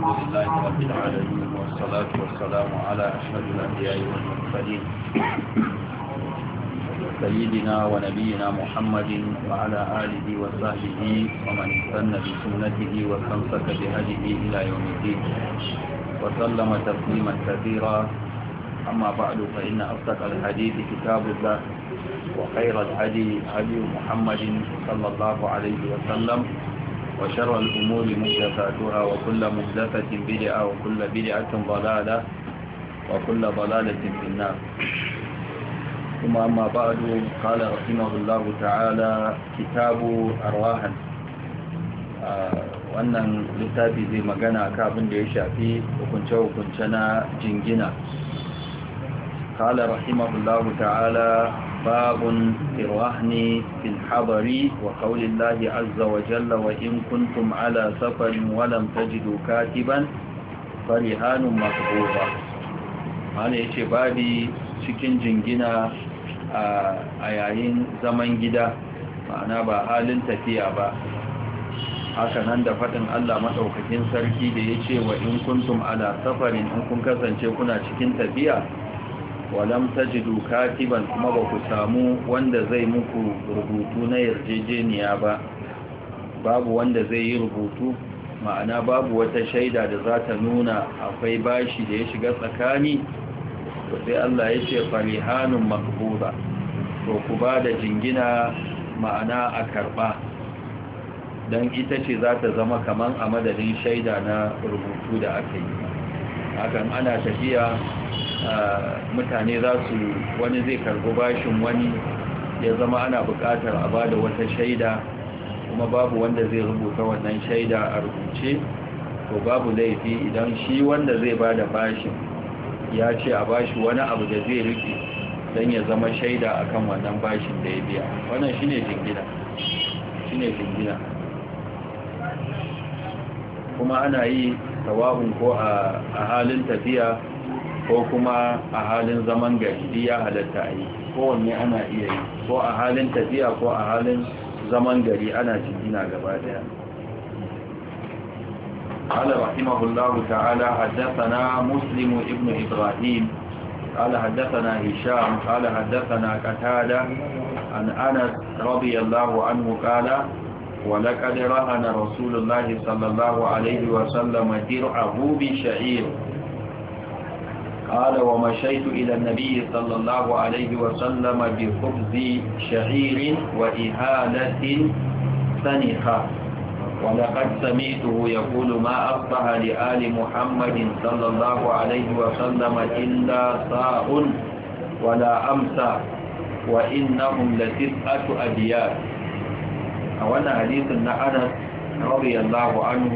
الحمد لله رب العالمين والصلاة والسلام على أشهد الأنبياء والمرسلين سيدنا ونبينا محمد وعلى آله وصحبه ومن استنى بسنته وتمسك بهديه إلى يوم الدين وسلم تسليما كثيرا أما بعد فإن أصدق الحديث كتاب الله وخير الهدي هدي محمد صلى الله عليه وسلم وشر الأمور محدثاتها وكل محدثة بدعة وكل بدعة ضلالة وكل ضلالة في النار ثم أما بعد قال رحمه الله تعالى كتاب أرواح wannan littafi zai magana ka abin da ya shafi hukunce-hukunce na jingina قال رحمه الله تعالى باب في الرهن في الحضر وقول الله عز وجل وإن كنتم على سفر ولم تجدوا كاتبا فرهان مقبوضة cikin jingina a yayin zaman gida ma'ana ba halin tafiya ba haka nan da faɗin Allah maɗaukakin sarki da ya ce wa in kuntum ala safarin in kun kasance kuna cikin tafiya walam tajidu katiban kuma ba ku samu wanda zai muku rubutu na yarjejeniya ba babu wanda zai yi rubutu ma'ana babu wata shaida da za ta nuna akwai bashi da ya shiga tsakani to sai Allah ya ce farihanun makbura to ku ba da jingina ma'ana a karba don ita ce za ta zama kaman a madadin shaida na rubutu da aka yi hakan ana tafiya mutane za su wani zai karbi bashin wani ya zama ana buƙatar a ba da wata shaida kuma babu wanda zai rubuta wannan shaida a rubuce to babu laifi idan shi wanda zai ba da bashin ya ce a bashi wani abu da zai riƙe don ya zama shaida a kan wannan bashin da ya biya wannan shine jingina ne jingina kuma ana yi tawabin ko a halin tafiya ko kuma a halin zaman gari ya halatta a yi kowanne ana iya yi ko a halin tafiya ko a halin zaman gari ana jingina gaba daya قال رحمه الله تعالى حدثنا مسلم ابن إبراهيم قال حدثنا هشام قال حدثنا قتادة عن أنس رضي الله عنه قال ولقد رهن رسول الله صلى الله عليه وسلم درعه بشعير قال ومشيت إلى النبي صلى الله عليه وسلم بخبز شعير وإهالة سنخة ولقد سمعته يقول ما أصبح لآل محمد صلى الله عليه وسلم إلا صاء ولا أمسى وإنهم لتسعة أبيات وانا حديث أنس رضي الله عنه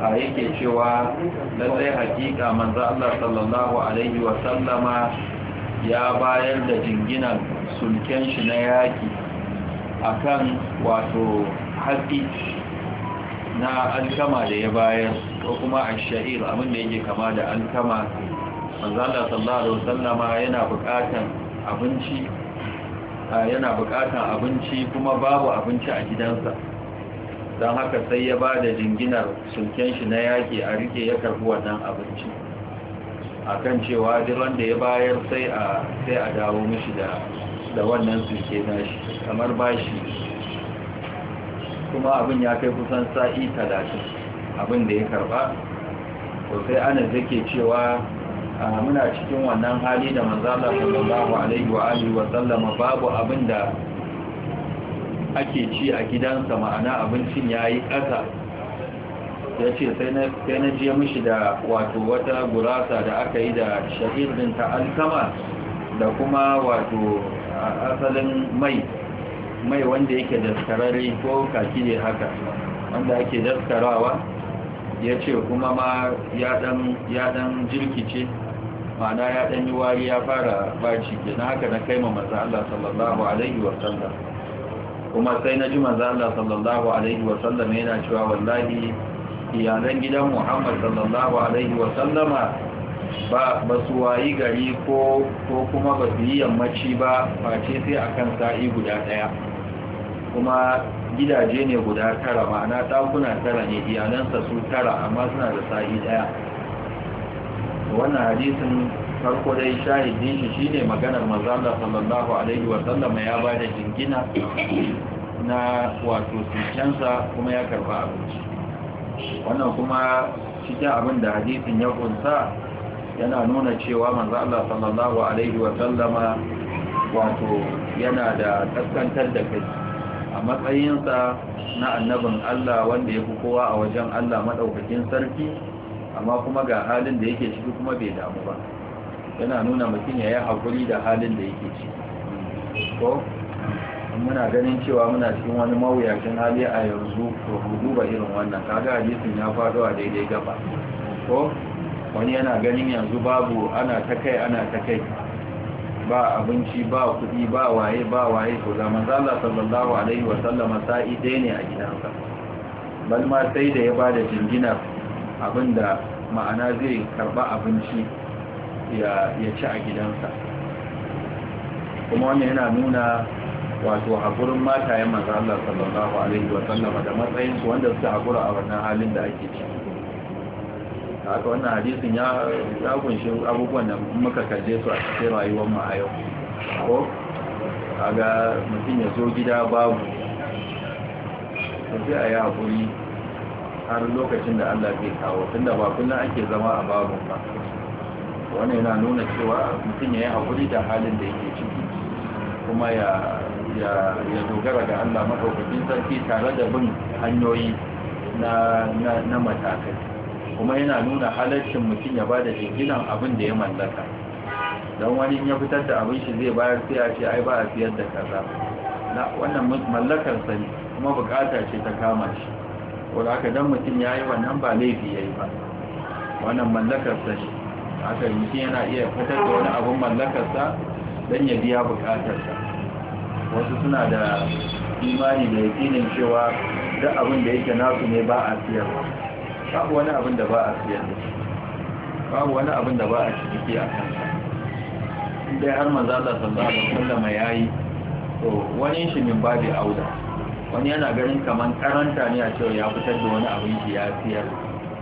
a yake cewa lallai hakika manzo Allah sallallahu alaihi wa sallama ya bayar da jinginan sulken shi na yaki akan wato hatsi na alkama da ya bayar ko kuma ash-sha'ir abin da yake kama da alkama manzo Allah sallallahu alaihi wa sallama yana buƙatan abinci yana buƙatan abinci kuma babu abinci a gidansa don haka sai ya ba da jinginar sulken shi na yaƙi a rike ya karbi wannan abinci a kan cewa jiran da ya bayar sai a dawo mishi da wannan sulke na shi kamar bashi kuma abin ya kai kusan sa'i talatin abin da ya karba sai ana zake cewa muna cikin wannan hali da manzala sallallahu alaihi wa alihi wa sallama babu abin da ake ci a gidansa ma'ana abincin ya yi ƙasa ya ce sai na je mishi da wato wata gurasa da aka yi da shahirin ta alkama da kuma wato asalin mai mai wanda yake daskararri ko kaki ne haka wanda ake daskarawa ya ce kuma ma ya dan jirkice ma'ana ya dan yi wari ya fara baci na haka na ma maza Allah sallallahu alaihi wasallam kuma sai na ji manzo sallallahu alaihi wa yana cewa wallahi iyalan gidan Muhammad sallallahu alaihi wa sallama ba su wayi gari ko kuma ba su yi yammaci ba face sai akan sa'i guda daya kuma gidaje ne guda tara ma'ana ɗakuna tara ne iyalansa su tara amma suna da sa'i daya wannan hadisin farko dai shahidin shi shine maganar manzala sallallahu alaihi wa sallam ya ba da jingina na wato sincansa kuma ya karba abinci wannan kuma cikin abin da hadisin ya kunsa yana nuna cewa manzala sallallahu alaihi wa sallama wato yana da kaskantar da kai a matsayinsa na annabin Allah wanda ya fi kowa a wajen Allah maɗaukakin sarki amma kuma ga halin da yake ciki kuma bai damu ba yana nuna mutum ya yi haƙuri da halin da yake ci ko muna ganin cewa muna cikin wani mawuyacin hali a yanzu to duba irin wannan kaga hadisin ya faɗo a daidai gaba ko wani yana ganin yanzu babu ana ta kai ana ta kai ba abinci ba kuɗi ba waye ba waye to da Allah sallallahu alaihi wa sallama sa'i dai ne a gidansa bal ma sai da ya bada jinginar abinda ma'ana zai karba abinci ya ci a gidansa kuma wannan yana nuna wato haƙurin matayen manzo Allah sallallahu alaihi wa da matsayin su wanda suka haƙura a wannan halin da ake ciki haka wannan hadisin ya kunshi abubuwan da muka kalle su a cikin rayuwar mu a yau ko mutum ya zo gida babu sai a yi haƙuri har lokacin da Allah zai kawo tunda ba kullum ake zama a babu ba wannan yana nuna cewa mutum ya yi haƙuri da halin da yake ciki kuma ya dogara ga allah maɗaukacin sarki tare da bin hanyoyi na matakai kuma yana nuna halarcin mutum ya ba da jinginan abin da ya mallaka don wani ya fitar da abin shi zai bayar sai a ce ai ba a siyar da kaza wannan mallakar sani kuma bukata ce ta kama shi wadda aka don mutum ya yi wannan ba laifi ya yi ba wannan mallakar sani haka mutum yana iya fitar da wani abin mallakarsa don ya biya bukatarsa wasu suna da imani da yakinin cewa duk abin da yake nasu ne ba a siyarwa babu wani abin da ba a siyar da babu wani abin da ba a ciki a kansa dai har maza Allah sallallahu alaihi wasallam yayi to wani shi min babi auda wani yana ganin kaman karanta ne a cewa ya fitar da wani abin shi ya siyar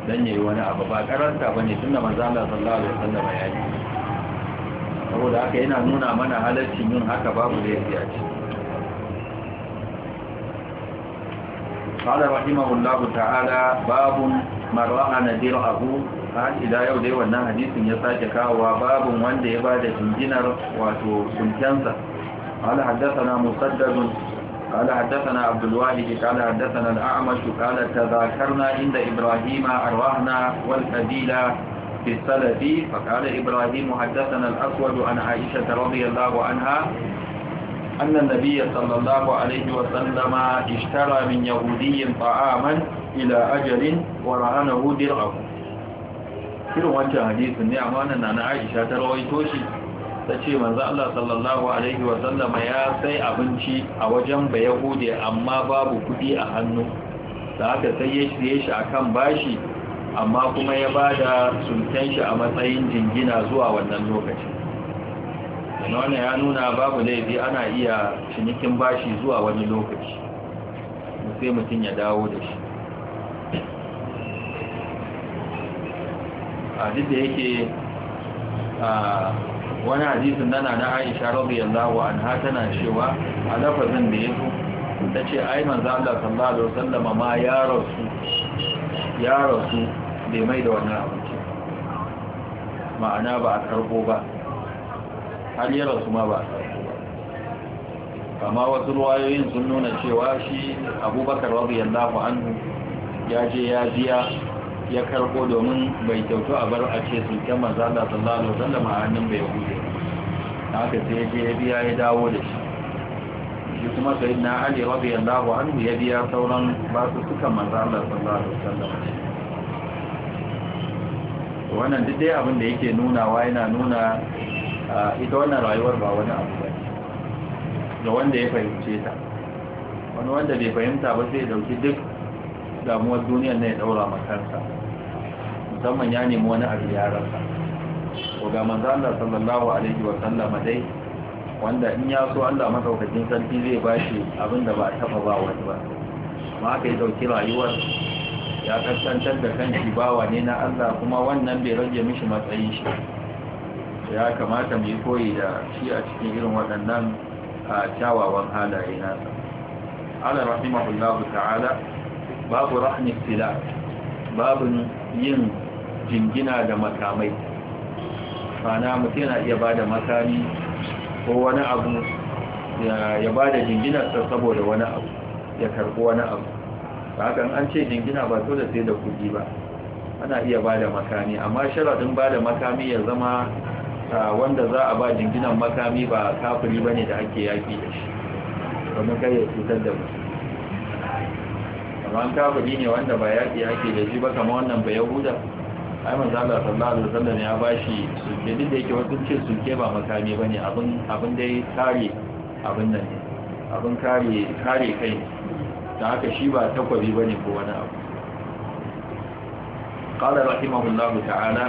dan yi wani abu ba karanta bane tunda manzo Allah sallallahu alaihi wasallam ya yi saboda haka yana nuna mana halaccin yin haka babu laifi a ciki قال رحمه ta'ala تعالى باب na راى abu har ida yau dai wannan hadisin ya sake kawowa babun wanda ya bada jinjinar wato sunkensa قال na مسدد قال حدثنا عبد الوالد قال حدثنا الأعمش قال تذاكرنا عند إبراهيم أرواحنا والفديلة في السلفي فقال إبراهيم حدثنا الأسود عن عائشة رضي الله عنها أن النبي صلى الله عليه وسلم اشترى من يهودي طعاما إلى أجل ورهنه درعه كل وجه حديث النعمان أن عائشة رويتوشي ta ce manzo Allah sallallahu alaihi wa sallam ya sai abinci a wajen Hude, amma babu kudi a hannu da haka sai ya shirye shi akan bashi amma kuma ya bada sulken shi a matsayin jingina zuwa wannan lokaci wannan ya nuna babu laifi ana iya cinikin bashi zuwa wani lokaci sai mutum ya dawo da shi a duk da yake wani hadisin nana na aisha radiyallahu anha tana cewa a lafazin da yake tace ai manzo Allah sallallahu alaihi wasallam ma ya rasu ya rasu bai mai da wannan abinci ma'ana ba a karbo ba har ya rasu ma ba a ba amma wasu ruwayoyin sun nuna cewa shi abubakar radiyallahu anhu ya je ya biya ya karko domin bai kyautu a bar a ce su kyan mazala sallallahu alaihi wasallam a hannun bai hude na aka sai je ya biya ya dawo da shi shi kuma sai na ali radiyallahu anhu ya biya sauran ba su suka mazala sallallahu alaihi wannan duk dai abin da yake wa yana nuna ita wannan rayuwar ba wani abu ba ga wanda ya fahimce ta wani wanda bai fahimta ba sai dauki duk damuwar duniya na ya daura makansa musamman ya nemi wani abu ya rasa to ga manzo Allah sallallahu alaihi wa sallama dai wanda in ya so Allah madaukakin sarki zai bashi abin da ba a taba ba wani ba amma aka dauki rayuwar ya kasance da kan ba ne na Allah kuma wannan bai rage mishi matsayin shi ya kamata mu yi koyi da shi a cikin irin waɗannan a kyawawan halaye na Allah rahimahullahu ta'ala babu rahnin fila babu yin jingina da makamai mana mutum yana iya ba da makami ko wani abu ya ba da ta saboda wani abu ya karbi wani abu hakan an ce jingina ba to da sai da kudi ba ana iya ba da makami amma sharaɗin ba da makami ya zama wanda za a ba jinginan makami ba kafiri ba ne da ake yaƙi da shi domin kai ya cutar da mutum kamar kafiri ne wanda ba yaƙi yake da shi ba kama wannan ba yahuda ai manzala sallallahu alaihi wasallam ya bashi sulke duk da yake wasu ce sulke ba makami bane abin abin ya kare abin nan abin kare kare kai da haka shi ba takwabi bane ko wani abu قال رحمه الله تعالى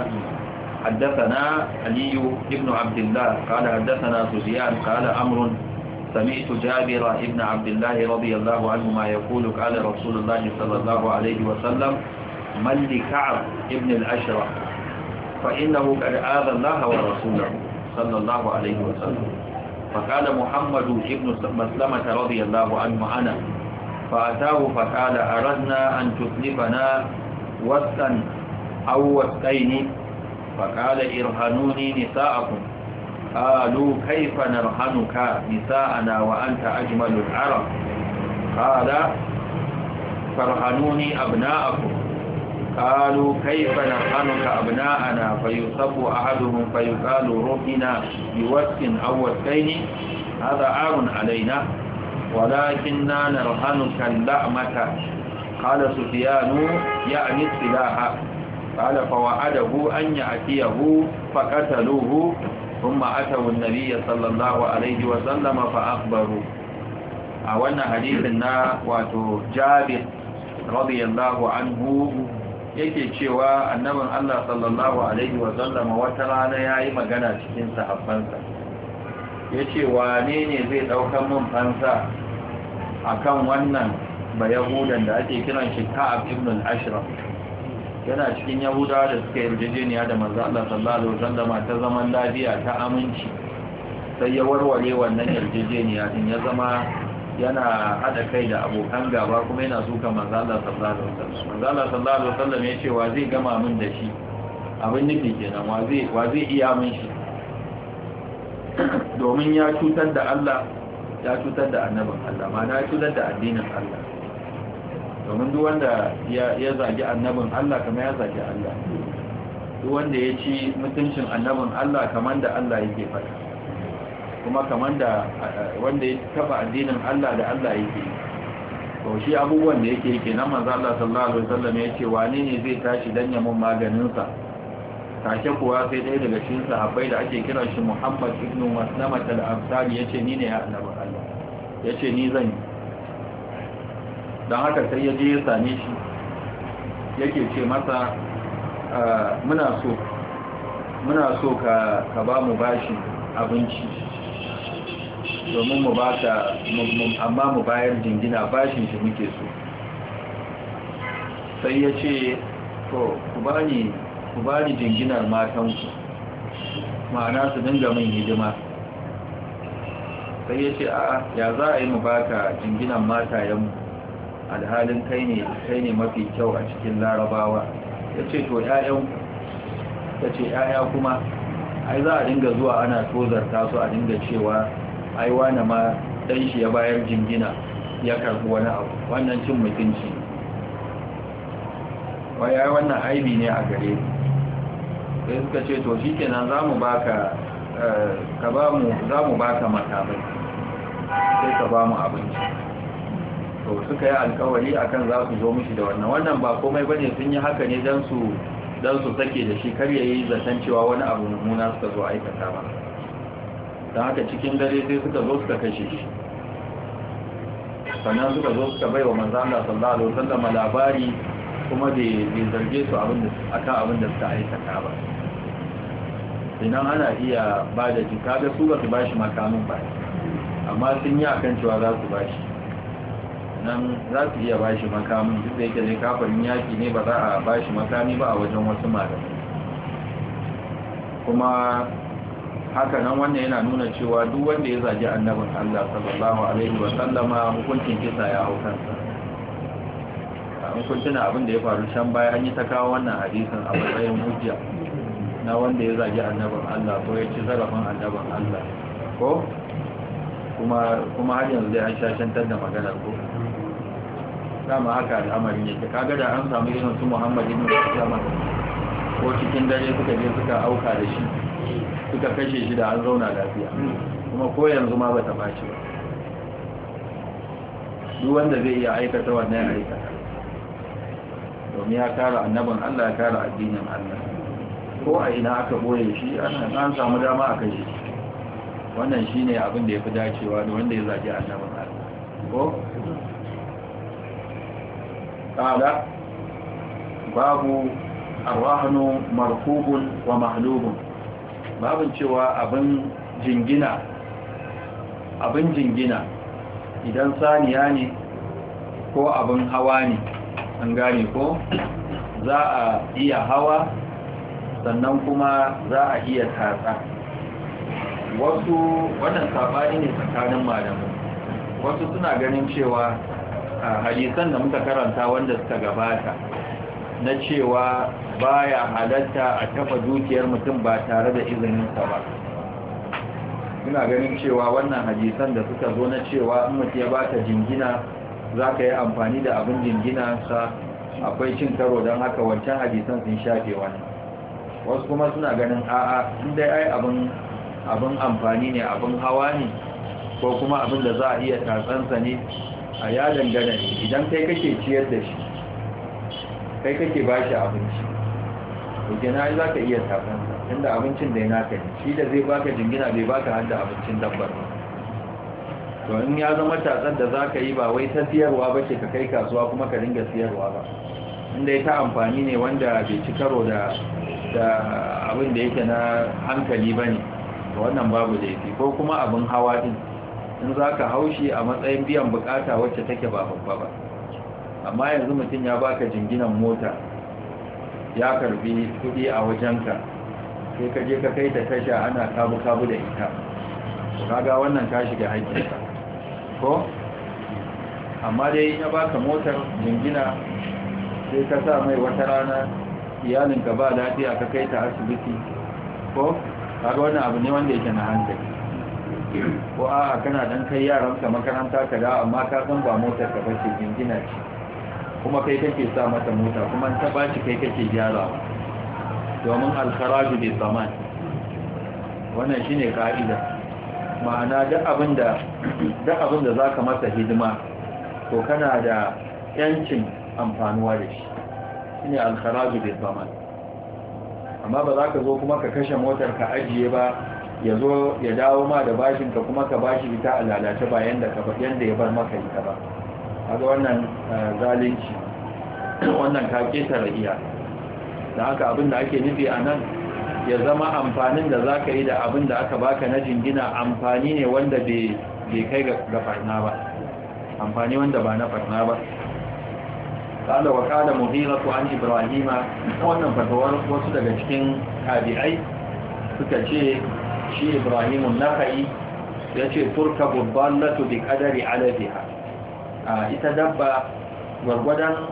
حدثنا علي بن عبد الله قال حدثنا سفيان قال أمر سمعت جابر بن عبد الله رضي الله عنهما يقول قال رسول الله صلى الله عليه وسلم من لكعب ابن الأشرف فإنه قد آذى الله ورسوله صلى الله عليه وسلم فقال محمد بن مسلمة رضي الله عنه أنا فأتاه فقال أردنا أن تسلفنا وسطا أو وسطين فقال إرهنوني نساءكم قالوا كيف نرهنك نساءنا وأنت أجمل العرب قال فرهنوني أبناءكم قالوا كيف نرهنك أبناءنا فيصب أحدهم فيقال روحنا بوسك أو وسكين هذا عار علينا ولكننا نرهنك اللعمة قال سفيان يعني السلاح قال فوعده أن يأتيه فقتلوه ثم أتوا النبي صلى الله عليه وسلم فأخبروا أولنا حديثنا وتجابر رضي الله عنه yake cewa annabin Allah sallallahu alaihi wa sallama wata rana yayi magana cikin sahabbansa yace wane ne zai daukan mun fansa akan wannan bayahudan da ake kiran shi Ka'ab ibn al-Ashraf yana cikin yahudawa da suka yarjejeniya da manzo Allah sallallahu alaihi wasallam ta zaman lafiya ta aminci sai ya warware wannan yarjejeniya din ya zama yana hada kai da abokan gaba kuma yana suka manzo Allah sallallahu alaihi wasallam manzo Allah sallallahu alaihi wasallam ya ce wa zai gama min da shi abin nufi kenan wa zai wa zai iya min shi domin ya cutar da Allah ya cutar da annabin Allah ma na cutar da addinin Allah domin duk wanda ya zagi annabin Allah kamar ya zagi Allah duk wanda ya ci mutuncin annabin Allah kamar da Allah yake faɗa kuma kamar da eh, wanda ya taba addinin Allah da Allah yake to shi abubuwan da yake yake na manzo Allah sallallahu alaihi wasallam ya ce wani ne zai tashi dan mun maganin sa take kuwa sai dai daga cikin sahabbai da ake kiran shi Muhammad ibn Maslama al-Ansari yace ni ne ya annabi Allah yace ni zan don haka sai ya je ya same shi yake ce masa ah, muna so muna so ka ba mu bashi abinci domin mu ba ta amma mu bayar jingina bashin shi muke so sai ya ce to ku ba ni ku ba ni jinginar matanku ma'ana su dinga min hidima sai ya ce a ya za a yi mu ba ka jinginar matayenmu alhalin kai ne kai ne mafi kyau a cikin larabawa ya ce to ‘ya'yan ta ce ‘ya'ya kuma ai za a dinga zuwa ana tozarta su a dinga cewa ai wane ma ɗan shi ya bayar jingina ya karɓi wani abu wannan cin mutunci waya wannan aibi ne a gare sai suka ce to shi kenan za mu baka eh, ka ba mu za mu baka makamai sai ka ba mu abinci to suka yi alkawari akan za su zo mishi da wannan wannan ba komai bane sun yi haka ne dan su dan su sake da shi kar yayi zaton cewa wani abu mummuna suka zo aikata ba dan haka cikin dare sai suka zo suka kashe shi sannan suka zo suka bai wa manzan Allah sallallahu alaihi wasallam labari kuma bai zarge su akan aka abin da suka aikata ba idan ana iya ba da jika ga su ba su bashi makamin ba amma sun yi akan cewa za su bashi nan za su iya bashi makamin duk da yake ne kafarin yaki ne ba za a bashi makami ba a wajen wasu malamai kuma haka nan wannan yana nuna cewa duk wanda ya zaji annabin Allah sallallahu alaihi wa sallama hukuncin kisa ya hau kansa an kuntuna abin da ya faru can baya an yi ta kawo wannan hadisin a matsayin hujja na wanda ya zaji annabin Allah ko ya ci zarafin annabin Allah ko kuma har yanzu dai an shashantar da maganar ko dama haka al'amari ne ga da an samu irin su Muhammad ibn Sallama ko cikin dare suka je suka auka da shi suka kashe shi da an zauna lafiya kuma ko yanzu ma ba ta baci ba duk wanda zai iya aikata wannan aikata domin ya kara annabin Allah ya kara addinin Allah ko a ina aka boye shi an samu dama a kashe wannan shine abin da ya fi dacewa da wanda ya zaki annabin Allah ko قال باب الرهن wa ومحلوب Babu cewa abin jingina abin jingina idan saniya ne ko abin hawa ne an gane ko za a iya hawa sannan kuma za a iya tatsa wasu wannan sabani ne tsakanin malamu wasu suna ganin cewa hadisan da muka karanta wanda suka gabata na cewa baya halatta a tafa dukiyar mutum ba tare da izininsa ba ina ganin cewa wannan hadisan da suka zo na cewa in mutum ya bata jingina za ka yi amfani da abin jingina sa, akwai cin karo don haka wancan hadisan sun shafe wani wasu kuma suna ganin a'a inda ai abin abin amfani ne abin hawa ne ko kuma abin da za a iya tatsansa ne a ya dangana idan kai kake ciyar da shi kai kake ba shi abinci to na za ka iya tafansa inda abincin da ya naka ne shi da zai baka jingina bai baka hada abincin dabbar ba to in ya zama tatsar da za ka yi ba wai ta siyarwa ba ce ka kai kasuwa kuma ka dinga siyarwa ba inda ya ta amfani ne wanda bai ci karo da abin da yake na hankali ba ne wannan babu laifi ko kuma abin hawa din in za ka haushi a matsayin biyan bukata wacce take ba babba ba amma yanzu mutum ya baka jinginan mota ya karbi kudi a wajenka sai ka je ka kai ta tasha ana kabu-kabu da ita Ka ga wannan ka shiga haƙƙinka ko amma dai ya baka motar jingina sai ka sa mai wata rana iyalinka ba lafiya ka kai ta asibiti ko ga wannan abu ne wanda yake na hankali ko a kana dan kai yaranka makaranta ka da amma ka san ba motar ka bace jingina ce kuma kai kake sa mata mota kuma ta shi kai kake gyarawa domin alkharaju bi zaman wannan shine ka'ida ma'ana duk abinda duk abinda zaka masa hidima to kana da yancin amfanuwa da shi shine alkharaju bi zaman amma ba za ka zo kuma ka kashe motar ka ajiye ba ya zo ya dawo ma da bashin ka kuma ka bashi ita a lalace ba yanda ka ba yanda ya bar maka ita ba kaga wannan eh, zalunci wannan ka keta iya da haka abin da ake nufi a nan ya zama amfanin da za ka yi da abin da aka baka na jingina amfani ne wanda bai kai ga farna ba amfani wanda ba na farna ba ƙala wa muhira muhiratu an ibrahima wannan fatawar wasu daga cikin tabi'ai suka ce shi ibrahimun naka'i ya ce turka babban latu bi kadari alabiha a ita dabba gwargwadon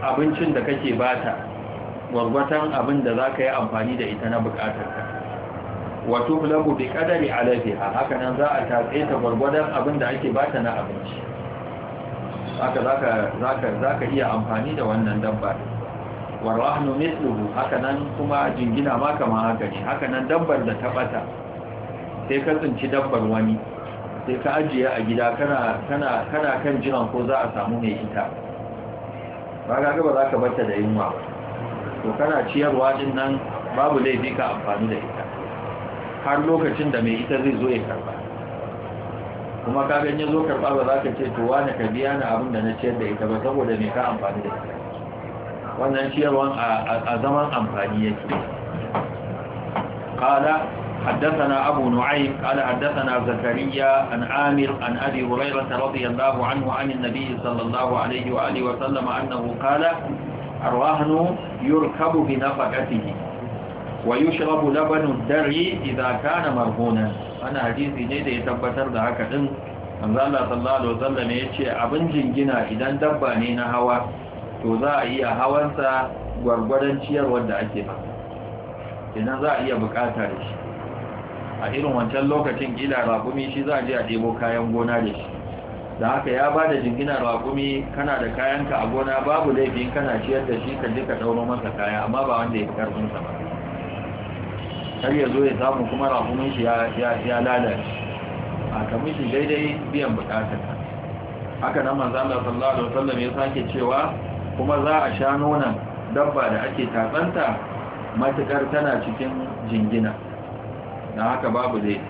abincin da kake bata gwargwadon abin da za ka yi amfani da ita na bukatarka wato lagu bi kadari alabiha haka nan za a tatse ta gwargwadon abin da ake bata na abinci haka za ka iya amfani da wannan dabba warrahnu misluhu haka nan kuma jingina ma kama haka ne haka nan dabbar da ta bata sai ka tsinci dabbar wani sai ka ajiye a gida kana kan jiran ko za a samu mai ita ba ga gaba za ka bata da yunwa to kana ciyarwa din nan babu laifi ka amfani da ita har lokacin da mai ita zai zo ya karba kuma ka ganye zo karba ba za ka ce to wani ka biya na abin da na ciyar da ita ba saboda mai ka amfani da ita wannan ciyarwan a zaman amfani yake قال حدثنا أبو نعيم قال حدثنا زكريا عن عامر عن أبي هريرة رضي الله عنه عن النبي صلى الله عليه وآله وسلم أنه قال الرهن يركب بنفقته ويشرب لبن الدر إذا كان مرهونا أنا حديثي جيدة يتبتر ذاك إن أنزال الله صلى الله عليه وسلم يتشي أبن جنجنا إذا دبانين هوا تضاعي هوا سا gwargwadon ciyarwar da ake ba idan za a iya bukata da shi a irin wancan lokacin gina raƙumi shi za a je a debo kayan gona da shi da haka ya ba da jingina raƙumi kana da kayanka a gona babu laifin kana ciyar da shi kan jika ka masa kaya amma ba wanda ya fi ƙarfinsa ba har ya zo ya samu kuma raƙumin shi ya lalace a kamishin daidai biyan buƙatar haka nan manzan da sallallahu alaihi wasallam ya sake cewa kuma za a sha nonan dabba da ake tatsanta matukar tana cikin jingina na haka babu dai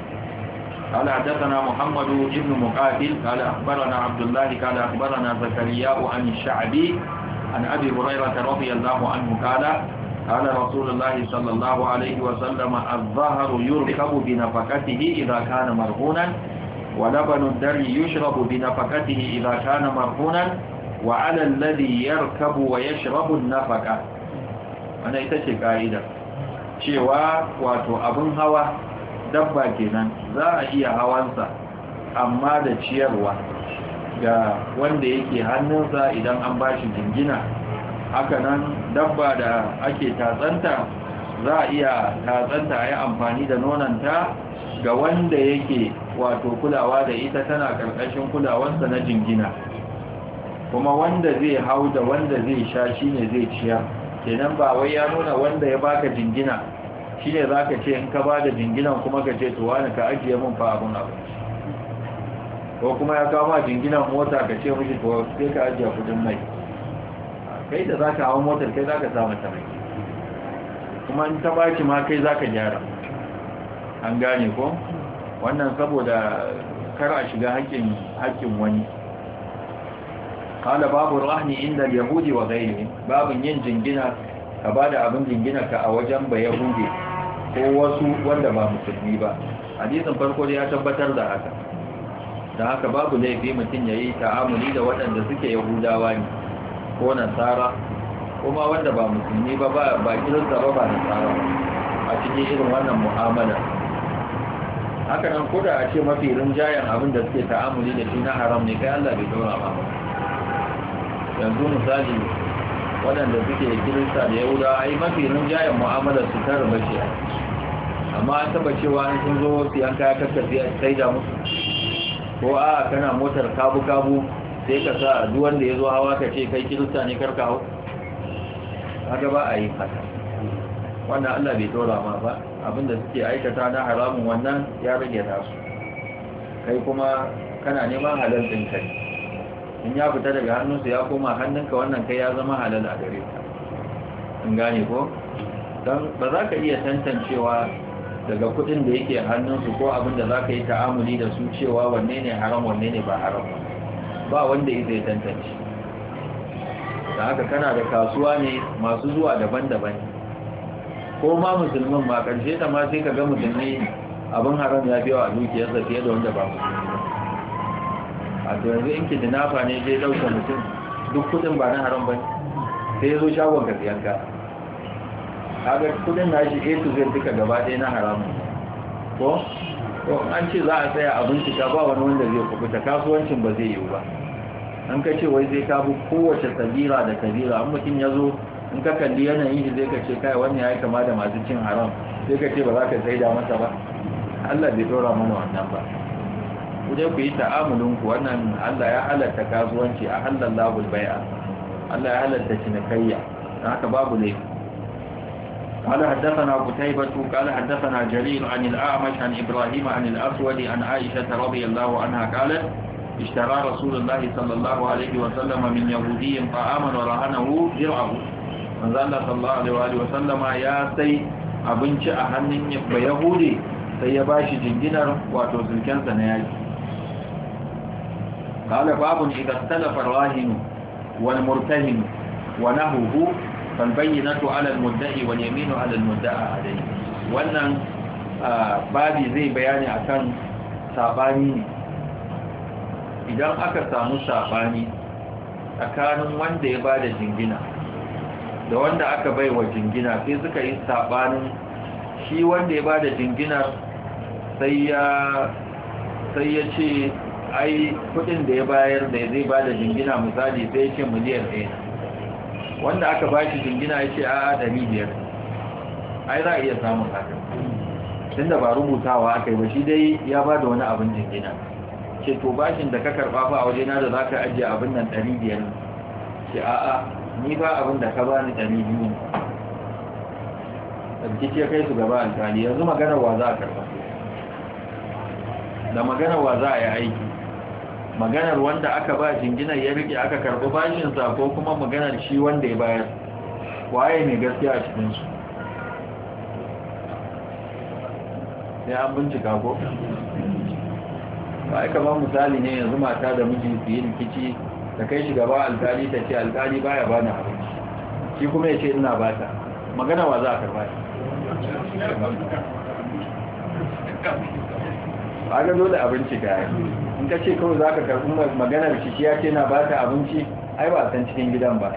قال حدثنا محمد بن مقاتل قال أخبرنا عبد الله قال أخبرنا زكريا عن الشعبي عن أبي هريرة رضي الله عنه قال قال رسول الله صلى الله عليه وسلم الظهر يركب بنفقته إذا كان مرهونا ولبن الدر يشرب بنفقته إذا كان مرهونا وعلى الذي يركب ويشرب النفقة أنا إتشك آئدة شواء واتو أبن هوا dabba kenan za a iya hawansa amma da ciyarwa ga wanda yake hannunsa idan an ba shi jingina hakanan dabba da ake tatsanta za a iya tatsanta a amfani da nonanta ga wanda yake wato kulawa da ita tana karkashin kulawansa na jingina kuma wanda zai hau da wanda zai sha shi ne zai ciyar kenan ba wai ya nuna wanda ya baka jingina shi ne za ka ce in ka ba da jinginan kuma ka ce to wani ka ajiye mun fa abun nan ko kuma ya kama jinginan mota ka ce mushi to sai ka ajiye kudin mai kai da za ka hau motar kai za ka samu ta mai kuma in ta baki ma kai za ka gyara an gane ko wannan saboda kar a shiga hakkin wani babu باب inda yahudi wa gairi babu yin jingina ka ba da abin ka a wajen ba yahudi ko wasu wanda ba musulmi ba hadisin farko dai ya tabbatar da haka da haka babu laifi mutum ya yi ta'amuli da waɗanda suke yahudawa ne ko nasara kuma wanda ba musulmi ba ba kirista ba ba nasara a cikin irin wannan mu'amala haka nan ko da a ce mafi rinjayen abin da suke ta'amuli da shi na haram ne kai allah bai daura ba yanzu misali waɗanda suke kirista da yahuda yi mafi rinjayen mu'amalar su ta riba amma an taba cewa an sun zo 'yan kaya kakkafi a sai da musu ko a kana motar kabu-kabu sai ka sa wanda ya zo hawa ka ce kai kirista ne karka hau haka ba a yi haka wannan allah bai tora ma ba abinda suke aikata na haramun wannan ya rage nasu kai kuma kana neman halal ɗin kai in ya fita daga hannunsa ya koma hannunka wannan kai ya zama halal a gare ka in gane ko don ba za ka iya tantancewa daga kudin da yake hannunsu ko abin da za ka yi ta'amuli da su cewa wanne ne haram wanne ne ba haram ba wanda ya zai tantance da haka kana da kasuwa ne masu zuwa daban-daban ko ma musulmin ma ƙarshe ta ma sai ka ga musulmi abin haram ya biya a dukiyarsa fiye da wanda ba musulmi a to yanzu in kidnapper ne zai ɗauka mutum duk kudin ba na haram ne. sai zo shagon ka siyanka ga kudin nashi A to Z duka gaba ɗaya na haramu ko ko an ce za a tsaya a bincika ba wani wanda zai kubuta kasuwancin ba zai yiwu ba an ka ce wai zai kabu kowace sabira da kabira an mutum ya zo in ka kalli yanayin shi zai ka ce kai wannan ya kama da masu cin haram sai ka ce ba za ka sai da masa ba Allah bai ɗora mana wannan ba ku dai ku yi ta'amulinku wannan Allah ya halatta kasuwanci a labul bai'a Allah ya halatta cinikayya don haka babu laifi قال حدثنا قتيبة قال حدثنا جرير عن الأعمش عن إبراهيم عن الأسود عن عائشة رضي الله عنها قالت اشترى رسول الله صلى الله عليه وسلم من يهودي طعاما ورهنه جرعه manzala sallallahu alaihi wa sallama ya sai abinci a hannun ba yahudi sai ya shi jinginar wato zulkensa na yaki قال باب إذا اختلف الراهن والمرتهن ونهوه فالبينة على المدعي واليمين على المدعى عليه وأن babi zai bayani akan ne idan aka samu sabani tsakanin wanda ya bada jingina da wanda aka bai wa jingina sai suka yi sabanin shi wanda ya bada jingina jinginar sai ya ce ai kudin da ya bayar da zai ba da jingina misali sai ce miliyan ɗaya wanda aka ba shi jingina ya ce a ɗari biyar ai za a iya samun haka tun da ba rubutawa aka yi ba shi dai ya ba da wani abin jingina ce to bashin da ka karɓa fa a wajena da za ka ajiye abin nan ɗari biyar ce a'a ni ba abin da ka ba ni ɗari biyu da rikici ya kai su gaba alkali yanzu maganar wa za a karɓa da maganar wa za a yi aiki maganar wanda aka ba jinginar ya rike aka karbi bashinsa ko kuma maganar shi wanda ya bayar waye ne gaskiya a cikinsu Ya an bincika ko ba kamar misali ne yanzu mata da miji su yi rikici da kai shi gaba alkali ta ce alkali baya ba na abinci shi kuma ya ce ina ba ta magana wa za a karba shi a ga dole abinci ga yi in ka ce kawai za ka karɓi maganar shi ya ce na ba ta abinci ai ba san cikin gidan ba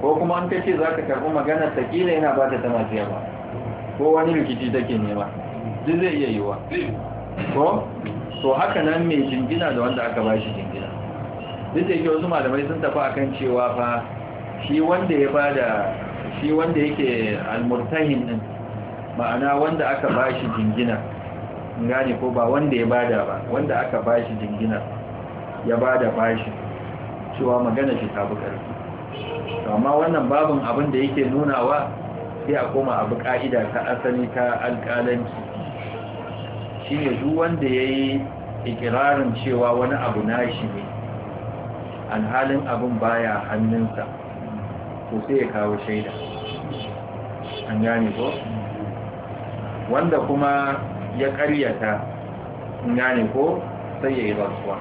ko kuma in ka ce za ka karɓi maganar ta ƙila yana ba ta tana ba ko wani rikici take nema duk zai iya yiwa ko to haka nan mai jingina da wanda aka ba shi jingina duk da yake wasu malamai sun tafi akan cewa fa shi wanda ya bada shi wanda yake almurtahin din ma'ana wanda aka ba shi jingina gane ko ba wanda ya bada ba wanda aka bashi jingina ya bada bashi cewa magana shi ta bukarfi amma wannan babun abin da yake nunawa sai a koma abu ka'ida ta asali ta alƙalanci shi ne duk wanda ya yi ikirarin cewa wani abu na shi ne alhalin abin baya hannunsa ko sai ya kawo shaida an gane ko wanda kuma ya ƙaryata gane ko sai ya yi rasuwa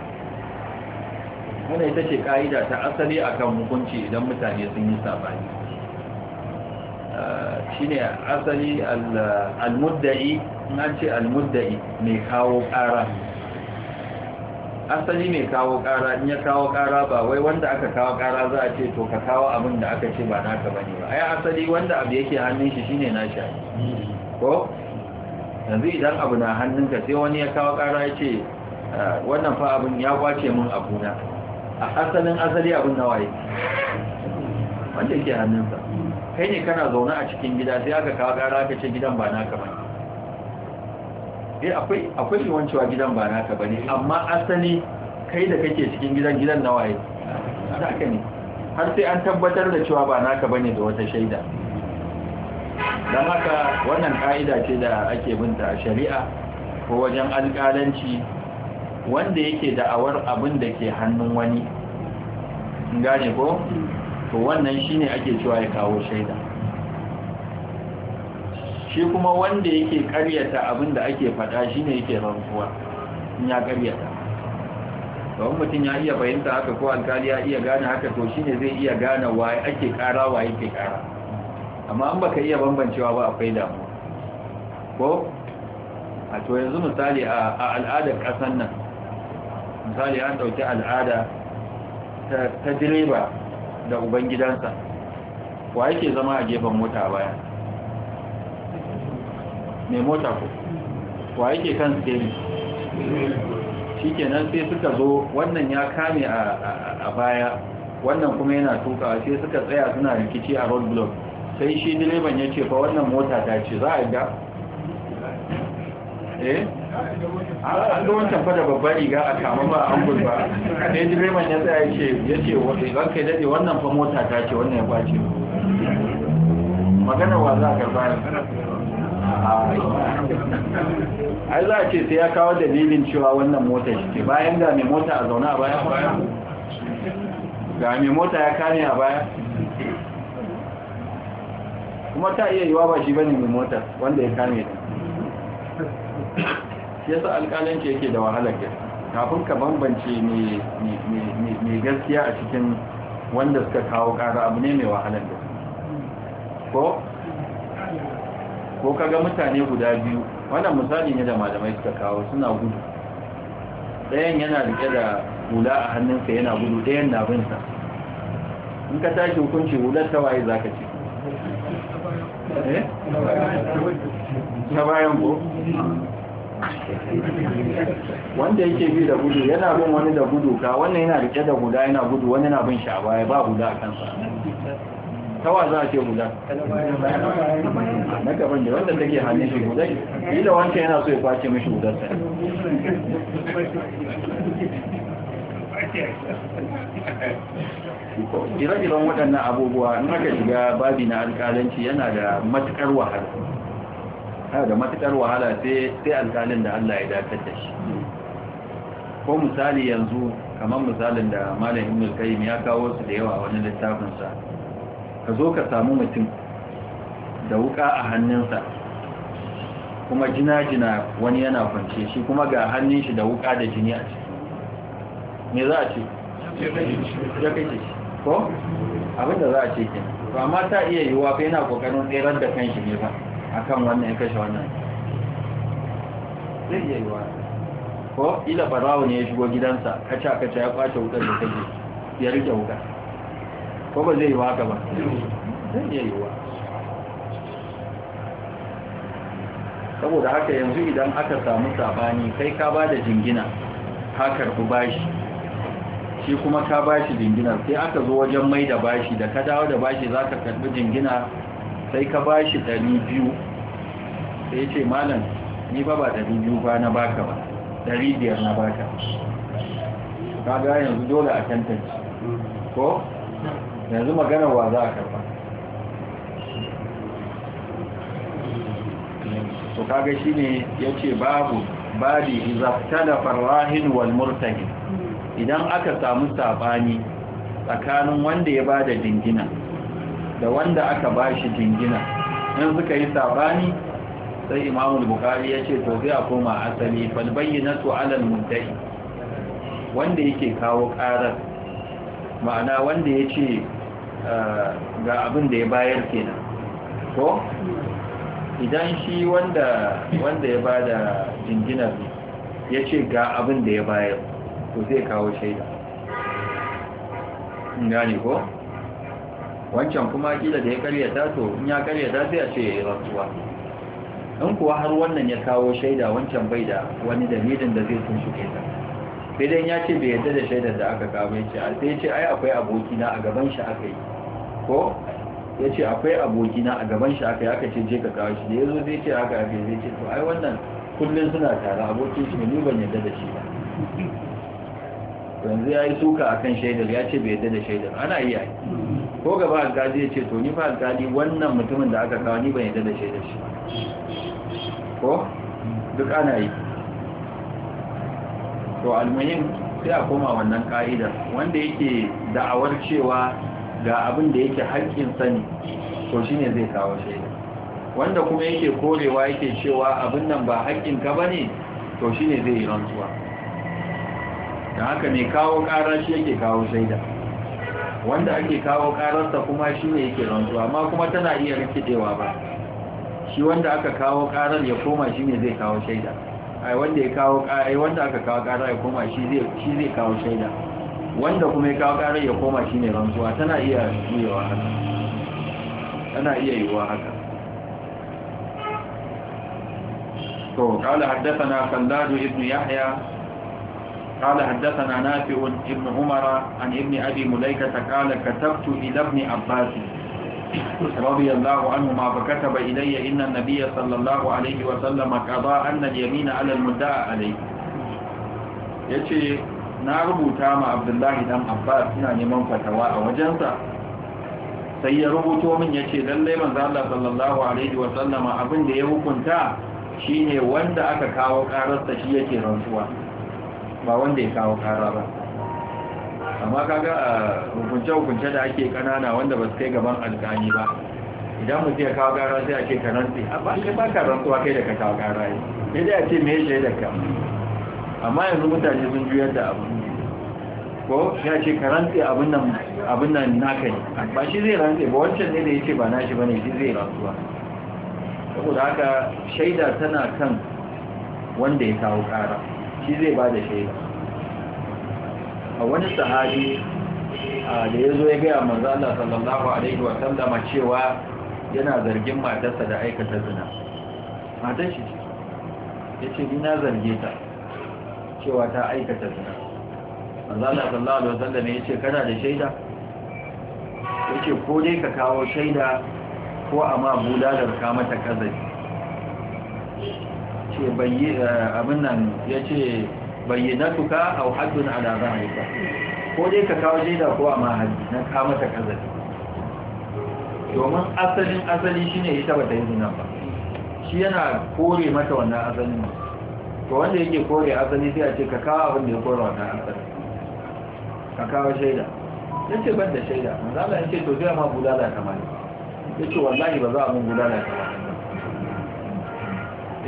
wanda ita ce ƙa'ida ta asali a kan hukunci idan mutane sun yi sabani ah, shi ne asali almuddai na ce almuddai mai kawo ƙara asali mai kawo ƙara in ya kawo ƙara ba wai wanda aka kawo ƙara za a ce to ka kawo abin da aka ce ba naka ba ne ba ai asali wanda abu yake hannun shi shine nashi ko yanzu idan abu na hannunka sai wani ya kawo ƙara ya ce ah, wannan fa abin ya kwace min abuna a asalin asali abin na waye wanda ke hannunsa kai ne kana zaune a cikin gida sai aka kawo ƙara aka ce gidan ba naka ba ne eh, akwai yawancewa gidan ba naka ba ne amma asali kai da kake cikin gidan gidan na waye ne har sai an tabbatar da cewa ba naka ba ne da wata shaida don haka wannan ka'ida ce da ake binta a shari'a ko wajen alƙalanci wanda yake da'awar abin da ke hannun wani gane ko to wannan shine ake cewa ya kawo shaida shi kuma wanda yake karyata abin da ake faɗa shine yake rantsuwa in ya karyata don mutum ya iya fahimta haka ko alkali ya iya gane haka to shine zai iya gane wa ake kara wa ake kara amma an baka iya bambancewa ba akwai damuwa. ko a to yanzu misali a al'adar ƙasan nan misali an ɗauki al'ada ta direba da ubangidansa wa yake zama a gefen mota baya mai mota ko wa yake kan steri shi nan sai suka zo wannan ya kame a baya wannan kuma yana tukawa sai suka tsaya suna rikici a roadblock sai shi direban ya ce fa wannan mota ta ce za a ga eh an ga wancan fada babba riga a kama ba an gulba sai direban ya tsaya ce ya ce ranka ya dade wannan fa mota ta ce wannan ya kwace magana wa za a karba ai za a ce sai ya kawo dalilin cewa wannan mota shi bayan ga mai mota a zaune a baya ga mai mota ya kame a baya kuma ta iya yiwa ba shi bane mai mota wanda ya kame ta yasa alƙalanci yake da wahalar gaske kafin ka bambance mai gaskiya a cikin wanda suka kawo ƙara abu ne mai wahalar da ko ko kaga mutane guda biyu wannan misali ne da malamai suka kawo suna gudu ɗayan yana rike da hula a hannunsa yana gudu ɗayan na binsa in ka tashi hukunci hular ta waye za ka ce na bayan ko wanda yake bi da gudu yana bin wani da gudu ka wannan yana rike da guda yana gudu wani yana bin a baya ba guda a kansa tawa za a ce guda na gaban da wanda take hannun shi guda yi da wanke yana so ya kwace mashi gudarsa ire waɗannan abubuwa in aka shiga babi na alƙalanci yana da matuƙar wahala yana da matuƙar wahala sai alƙalin da Allah ya dakar da shi ko misali yanzu kamar misalin da malam ibn qayyim ya kawo su da yawa wani littafin sa ka zo ka samu mutum da wuka a hannunsa kuma jina-jina wani yana kwance shi kuma ga hannun shi da wuka da jini a ciki me za a ce ya kai shi ko abin da za a ce kina. to amma ta iya yiwuwa fa yana kokarin tseren da kanshi ne ba akan wannan ya kashe wannan zai iya yiwuwa ko ila barawo ne ya shigo gidansa kaca kaca ya kwace wutar da take ya rike wuta ko ba zai yiwuwa haka ba zai iya yiwuwa saboda haka yanzu idan aka samu sabani kai ka ba da jingina ka karbi bashi shi kuma ka bashi jingina sai aka zo wajen mai da bashi da ka dawo da bashi za ka karbi jingina sai ka bashi ɗari biyu sai ce malam ni ba ba ɗari biyu ba na baka ba ɗari biyar na baka ka ga yanzu dole a tantance ko yanzu magana wa za a karba to kaga shine yace babu badi iza tala farrahin wal murtahin idan aka samu sabani tsakanin wanda ya ba da jingina da wanda aka ba shi jingina in suka yi sabani sai imamu bukari ya ce to zai a koma asali su alal mudda'i wanda yake kawo karar ma'ana wanda ya ce ah, ga abin da ya bayar kenan ko idan shi wanda wanda ya ba da jinginar ya ce ga abin da ya bayar to zai kawo shaida gane ko wancan kuma kila da ya karya ta to in ya karyata sai a ce ya yi in kuwa har wannan ya kawo shaida wancan bai da wani dalilin da zai sun shuke ta sai dai ya ce bai yadda da shaidar da aka kawo ya ce a sai ce ai akwai abokina a gaban shi aka yi ko ya ce akwai abokina a gaban shi aka yi aka ce je ka kawo shi da ya zo zai ce aka aka zai ce to ai wannan kullum suna tare abokin shi ne ban yadda da shi ba yanzu ya yi suka a kan shaidar ya ce bai yadda da shaidar ana iya yi ko gaba alkali ya ce to ni fa alkali wannan mutumin da aka kawo ni ban yadda da shaidar shi ko duk ana yi to almuhim sai a koma wannan ka'idar wanda yake da'awar cewa ga abin da yake haƙƙin sani to shine zai kawo shaidar wanda kuma yake korewa yake cewa abin nan ba haƙƙinka ba ne to shine zai yi rantsuwa da haka mai kawo ƙara shi yake kawo shaida wanda ake kawo ƙararsa kuma shi ne yake rantsuwa amma kuma tana iya rikidewa ba shi wanda aka kawo ƙarar ya koma shi ne zai kawo shaida ai wanda ya kawo ƙarar wanda aka kawo ƙarar ya koma shi zai shi zai kawo shaida wanda kuma ya kawo ƙarar ya koma shi ne rantsuwa tana iya yiwuwa haka tana iya yiwuwa haka to qala haddathana kalladu ibn yahya قال حدثنا نافع ابن عمر عن ابن أبي مليكة قال كتبت إلى ابن عباس رضي الله عنهما فكتب إلي إن النبي صلى الله عليه وسلم قضى أن اليمين على المدعى عليه يتي نارب تام عبد الله دم عباس نعم فتوى وجنسة sai ya rubuto min ya ce lallai manzo Allah sallallahu alaihi wa sallama abin da ya hukunta shine wanda aka kawo kararsa shi yake rantsuwa ba wanda ya kawo kara ba amma kaga a hukunce-hukunce da ake kanana wanda ba su kai gaban alkani ba idan mu ya kawo kara sai a ce karanti a ba ka rantsuwa kai da ka kawo kara yi ya dai a ce mai shaida ka amma yanzu mutane sun juyar da abu ko ya ce karanti abin nan naka ne ba shi zai rantsi ba wancan ne da ya ce ba shi ba ne shi zai rantsuwa saboda haka shaida tana kan wanda ya kawo kara shi zai ba da shaida a wani sahabi da ya zo ya gaya manzo sallallahu alaihi wa sallama cewa yana zargin matarsa da aikata zina matar shi ce yace ni na zarge ta cewa ta aikata zina manzo sallallahu alaihi wa sallama ce kana da shaida Ya ce ko dai ka kawo shaida ko amma bulalar ka mata kazafi Eh, abin nan ya ce bayyanatuka a haddun ala zaharika ko dai ka kawo shaida ko a mahalli na kamata kazafi domin asalin asali shi ne ita ba ta yi zina ba shi yana kore mata wannan asalin to wanda yake kore asali sai a ce ka kawo abin da ya kore wannan asali ka kawo shaida ya ce ban da shaida a ya ce to zai ma bulala kamar ya ce wallahi ba za a mun bulala kamar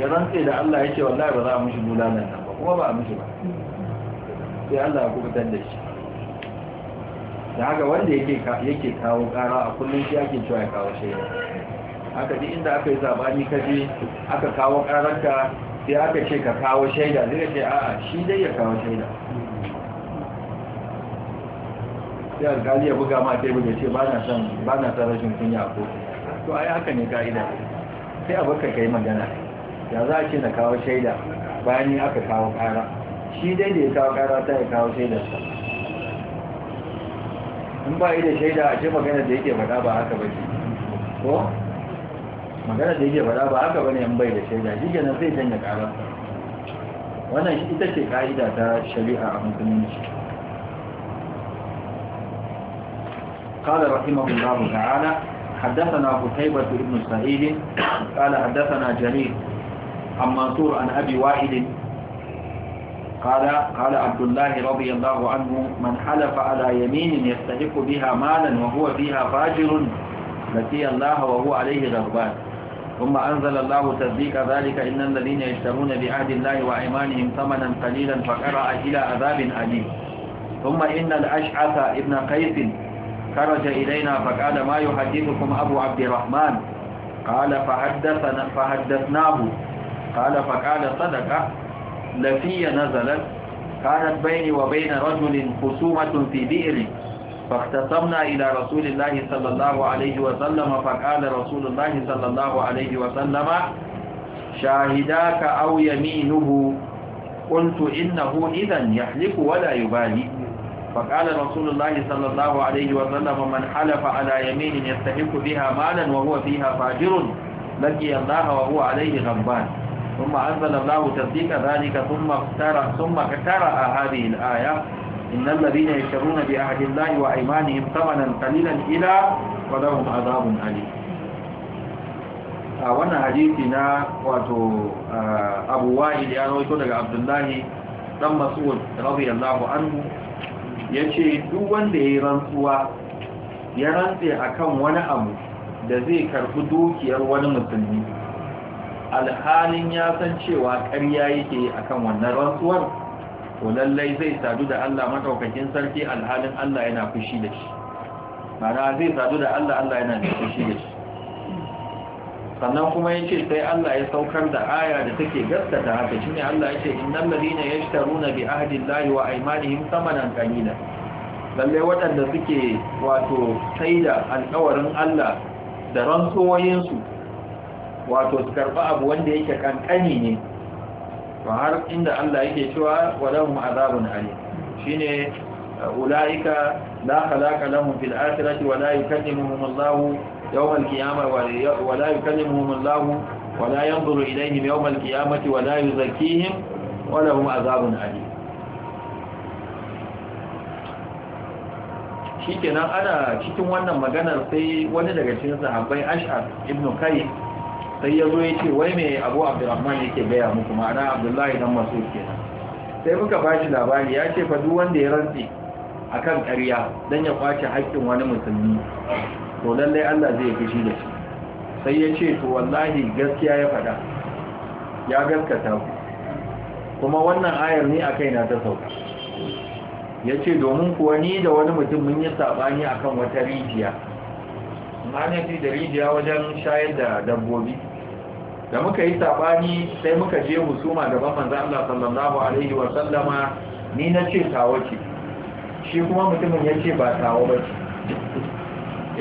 ya rantse da Allah ya ce wallahi ba za a mishi bulalan nan ba kuma ba a mishi ba sai Allah ya kubutar da shi da haka wanda yake kawo kara a kullum shi ake cewa ya kawo shaida haka duk inda aka yi zabani kaje aka kawo karanka sai aka ce ka kawo shaida zai ce a'a shi dai ya kawo shaida sai alkali ya buga ma tebur ya ce ba na son rashin kunya ko to ai haka ne ka'ida sai a ka kai magana ya za a ce na kawo shaida bayan ni aka kawo kara shi dai da ya kawo kara ta ya kawo shaidarsa in ba yi da shaida a ce magana da yake faɗa ba haka ba ce ko magana da yake faɗa ba haka ba ne in bai da shaida shi ke nan sai canja kara wannan ita ce ka'ida ta shari'a a musulunci قال رحمه الله تعالى حدثنا قتيبة بن سعيد قال حدثنا جرير عن منصور عن أبي واحد قال قال عبد الله رضي الله عنه من حلف على يمين يستحق بها مالا وهو فيها فاجر نسي الله وهو عليه غضبان ثم أنزل الله تصديق ذلك إن الذين يشترون بعهد الله وأيمانهم ثمنا قليلا فقرأ إلى عذاب أليم ثم إن الأشعث ابن قيس خرج إلينا فقال ما يحدثكم أبو عبد الرحمن قال فحدثنا فحدثناه قال فقال صدق لفي نزلت كانت بيني وبين رجل خصومة في بئر فاختصمنا إلى رسول الله صلى الله عليه وسلم فقال رسول الله صلى الله عليه وسلم شاهداك أو يمينه قلت إنه إذا يحلف ولا يبالي فقال رسول الله صلى الله عليه وسلم من حلف على يمين يستحق بها مالا وهو فيها فاجر لقي الله وهو عليه غضبان ثم أنزل الله تصديق ذلك ثم اختار ثم اخترع هذه الآية إن الذين يشترون بعهد الله وأيمانهم ثمنا قليلا إلى ولهم عذاب أليم wannan hadisi na wato abu wa'il ya rawaito daga abdullahi dan mas'ud radiyallahu anhu yace duk wanda yayi rantsuwa ya rantse akan wani abu da zai karbi dukiyar wani musulmi alhalin ya san cewa ƙarya yake a kan wannan rantsuwar to lallai zai sadu da Allah mataukakin sarki alhalin Allah yana fushi da shi mana zai sadu da Allah Allah yana fushi da shi sannan kuma ya ce sai Allah ya saukar da aya da take gaskata haka ne Allah yace innal ladina yashtaruna bi ahdi Allahi wa sama thamanan qalila lallai waɗanda suke wato da alƙawarin Allah da rantsuwoyinsu wato karba abu wanda yake kankani ne to har inda Allah yake cewa walahum azabun alim shine ulaika la khalaqa lahum fil akhirati wa la yukallimuhum Allah yawm al-qiyamah wa la yukallimuhum Allah wa la yanzuru ilayhim yawm al-qiyamah wa la yuzakkihim wa lahum azabun ali. shikenan ana cikin wannan maganar sai wani daga cikin sahabbai Ash'ar ibn Qayyim sai ya zo ya ce wai mai abu abdurrahman yake gaya muku ma'ana abdullahi dan masu kenan sai muka ba shi labari ya ce fa duk wanda ya rantse a kan ƙarya don ya kwace haƙƙin wani musulmi to lallai allah zai fushi da shi sai ya ce to wallahi gaskiya ya faɗa ya gaskata ku kuma wannan ayar ne a na ta sauka ya ce domin kuwa ni da wani mutum mun yi saɓani akan wata rijiya hanyar fi da rijiya wajen shayar da dabbobi da muka yi sabani sai muka je husuma gaban manzo Allah sallallahu alaihi wa sallama ni na ce tawo ce shi kuma mutumin ya ce ba tawo ba ce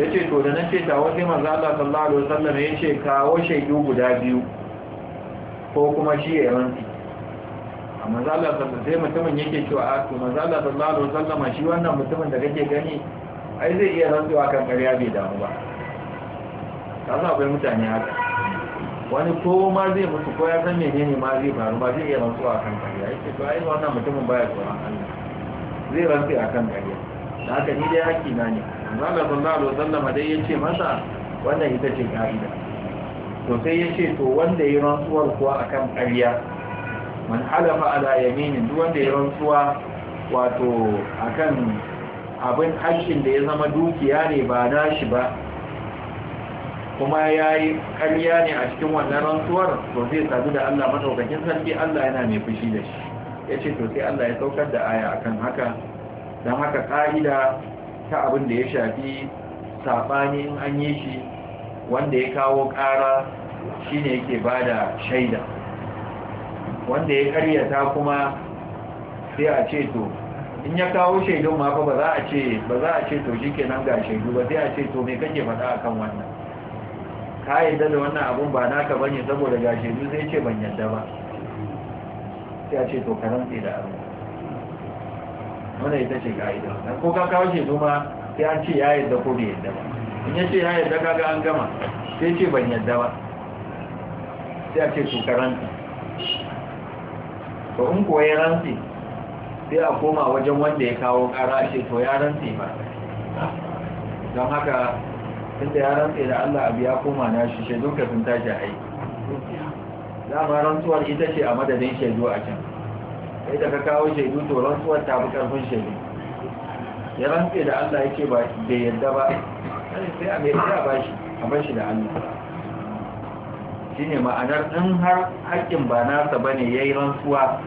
ya ce to da na ce tawo sai manzo Allah sallallahu alaihi wa sallama ya ce kawo shaidu guda biyu ko kuma shi ya rantsi a manzan Allah sallallahu alaihi wa mutumin yake cewa a to manzo Allah sallallahu alaihi wa sallama shi wannan mutumin da kake gani ai zai iya rantsuwa kan ƙarya bai damu ba kasa akwai mutane haka wani ko ma zai mutu ko ya san menene ma zai faru ba zai iya rantsuwa a kan kariya ce to ai wannan mutumin baya tsoron Allah zai rantsu a kan kariya da haka ni dai haƙi na ne zalla sallallahu alaihi wasallam dai ya ce masa wannan ita ce ka'ida to sai ce to wanda ya rantsuwar kuwa akan kariya man halafa ala yaminin duk wanda ya rantsuwa wato akan abin haƙƙin da ya zama dukiya ne ba nashi ba kuma ya yi karya ne a cikin wannan rantsuwar to zai sadu da Allah madaukakin sarki Allah yana mai fushi da shi ya ce to sai Allah ya saukar da aya akan haka don haka ƙa'ida ta abin da ya shafi saɓani in an yi shi wanda ya kawo ƙara shi yake ba da shaida wanda ya ta kuma sai a ce to in ya kawo shaidun ma ba za a ce to shi kenan ga shaidu ba sai a ce to me kake faɗa akan wannan ka yadda da wannan abun ba naka bane saboda gashi mu zai ce ban yadda ba sai a ce to ka rantse da abu wannan ita ce ka'ida dan ko ka kawo shi kuma sai an ce ya yadda ko bai yadda ba in ya ce ya yadda ka ga an gama sai ce ban yadda ba sai a ce to ka rantse to in kuwa ya rantse sai a koma wajen wanda ya kawo kara ce to ya rantsi ba don haka Inda ya rantse da Allah abu ya koma na shi, shaidu kafin tashi aiki dama rantsuwar ita ce a madadin shaidu a can sai da ka kawo shaidu to rantsuwar ta fi karfin shaidu ya rantse da Allah ya ce bai yadda ba sai a mai tsaya ba a bashi da Allah shi ne ma'anar in har haƙƙin ba nasa ba ne ya yi rantsuwa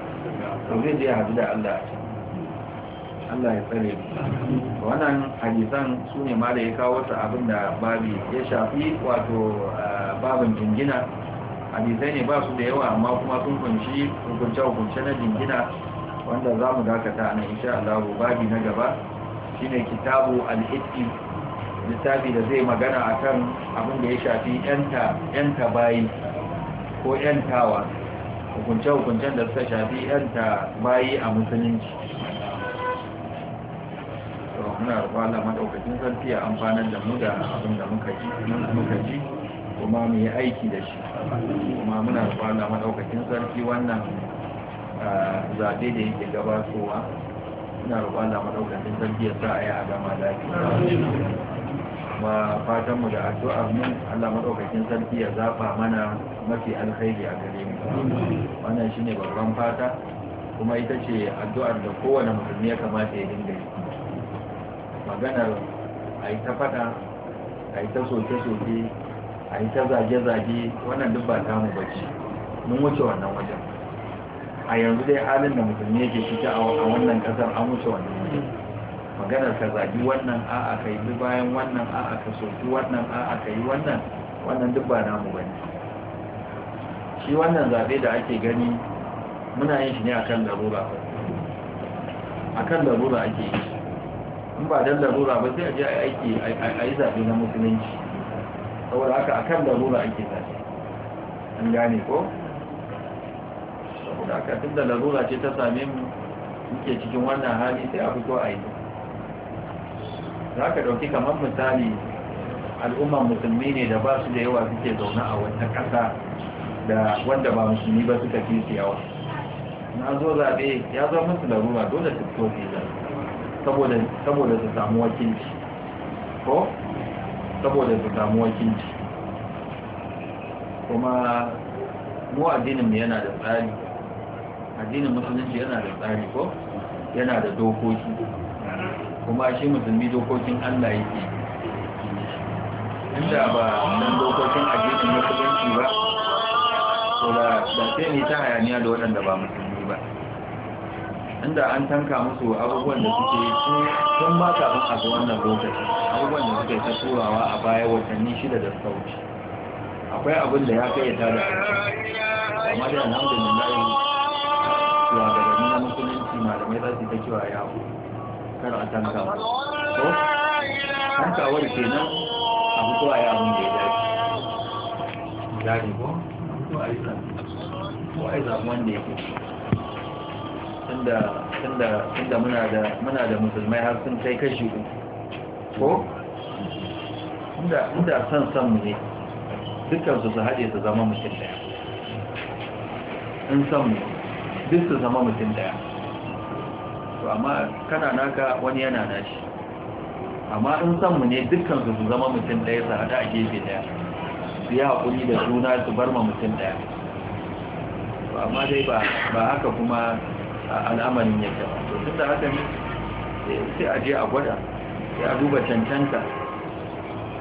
to zai je hadu da Allah a can Allah ya tsare wannan hadisan su ne ma da ya kawo wasu abin da babi ya shafi wato babin jingina hadisai ne ba su da yawa amma kuma sun kunshi hukunce-hukunce na jingina wanda za mu dakata nan insha Allah babi na gaba shine kitabu al-itti littafi da zai magana a kan abin da ya shafi yanta bayi ko yantawa hukunce-hukuncen da suka shafi yanta bayi a musulunci muna rufa Allah madaukakin sarki ya amfanar da mu da abin da muka ji muka kuma mu yi aiki da shi kuma muna rufa Allah madaukakin sarki wannan ah, zaɓe da yake gabatowa muna rufa Allah madaukakin sarki ya sa a yi adama da ma fatan mu da addu'ar mu Allah madaukakin sarki ya zaba mana mafi alkhairi a gare mu wannan shine babban fata kuma ita ce addu'ar da kowane musulmi ya kamata ya dinga yi maganar a yi ta fada a yi ta soke-soke a yi ta zage-zage wannan duk ba mu bace mun wuce wannan wajen a yanzu dai halin da ne yake shiga a wannan kasar an wuce wannan wajen maganar ka zagi wannan a ka yi bayan wannan a ka soki wannan a ka yi wannan wannan duk ba mu bane shi wannan zaɓe da ake gani muna yin shi ne akan larura akan larura ake yi in ba dan larura ba sai a je aiki a yi zaɓe na musulunci saboda haka a kan larura ake zaɓe an gane ko saboda haka tun da larura ce ta same mu muke cikin wannan hali sai a fito a yi za ka ɗauki kamar misali al'umman musulmi ne da ba su da yawa suke zaune a wata ƙasa da wanda ba musulmi ba suka fi su yawa na zo zaɓe ya zo musu larura dole su fito fi zaɓe saboda saboda su samu wakilci ko saboda su samu wakilci kuma mu addininmu yana da tsari addinin musulunci yana da tsari ko yana da dokoki kuma shi musulmi dokokin Allah yake inda ba dan dokokin addinin musulunci ba to da sai ni ta hayaniya da waɗanda ba musulmi inda an tanka musu abubuwan da suke su sun ba kafin a ga wannan lokaci abubuwan da suke ta turawa a baya watanni shida da suka wuce akwai abin da ya kai ya tada a amma da alhamdulillah ya ga da nuna musulunci malamai za su ta kiwa ya ku kar a tanka musu to tankawar kenan a fito a yi abin da ya dace ko ko a yi zaɓen wanda ya fi tunda muna da musulmai har sun kai kashi ko? inda son son ne dukansu su haɗe su zama mutum daya in son duk su zama mutum daya to amma kana naka wani yana nashi amma in son mu ne dukansu su zama mutum daya su haɗa a gefe daya su yi haƙuri da juna su bar ma mutum daya amma dai ba haka kuma al'amarin yake to tun da haka ne sai a je a gwada sai a duba cancanta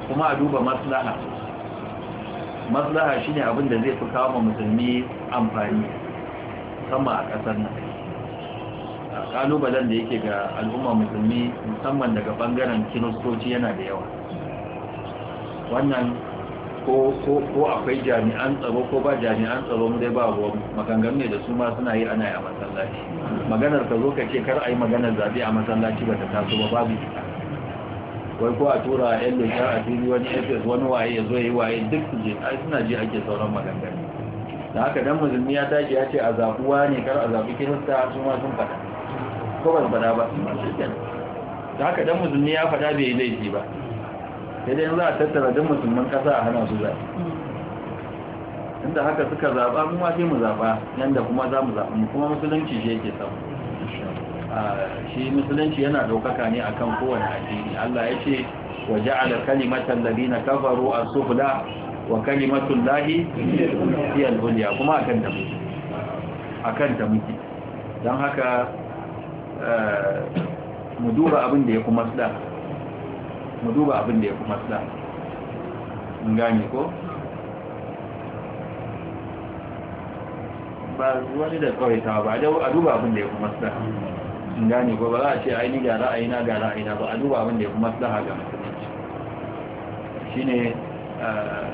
kuma a duba maslaha maslaha shine abin da zai fi kawo musulmi amfani musamman a ƙasar nan ƙalubalen da yake ga al'umma musulmi musamman daga bangaren kinostoci yana da yawa wannan ko akwai jami'an tsaro ko ba jami'an tsaro mu dai ba ruwan maganganu ne da su ma suna yi ana yi a masallaci maganar ka zo ka ce kar a yi maganar zaɓe a masallaci ba ta taso ba babu ita wai ko a tura a yan ya a fili wani fs wani waye ya zo ya yi waye duk su je 'Ai suna je ake sauran maganganu da haka dan musulmi ya tashi ya ce a zaɓuwa ne kar a zaɓi kirista su ma sun faɗa ko ba su faɗa ba da haka dan musulmi ya faɗa bai laifi ba sai dai za a tattara duk musulman kasa a hana su zaɓe inda haka suka zaɓa mu ma sai mu zaɓa yanda kuma za mu zaɓa kuma musulunci shi yake samu shi musulunci yana ɗaukaka ne a kan kowane addini Allah ya ce wa ja'ala kalimatan ladina kafaru as-sufla wa kalimatul lahi hiya al-ulya kuma akan ta muke akan ta muke don haka eh, mu duba abin da ya kuma maslaha mu duba abin da ya fi matsala in gane ko ba wani da kawai ta ba a duba abin da ya fi matsala in gane ko ba za a ce aini ga ra'ayina ga ra'ayina ba a duba abin da ya fi matsala ga musulunci shi ne eh,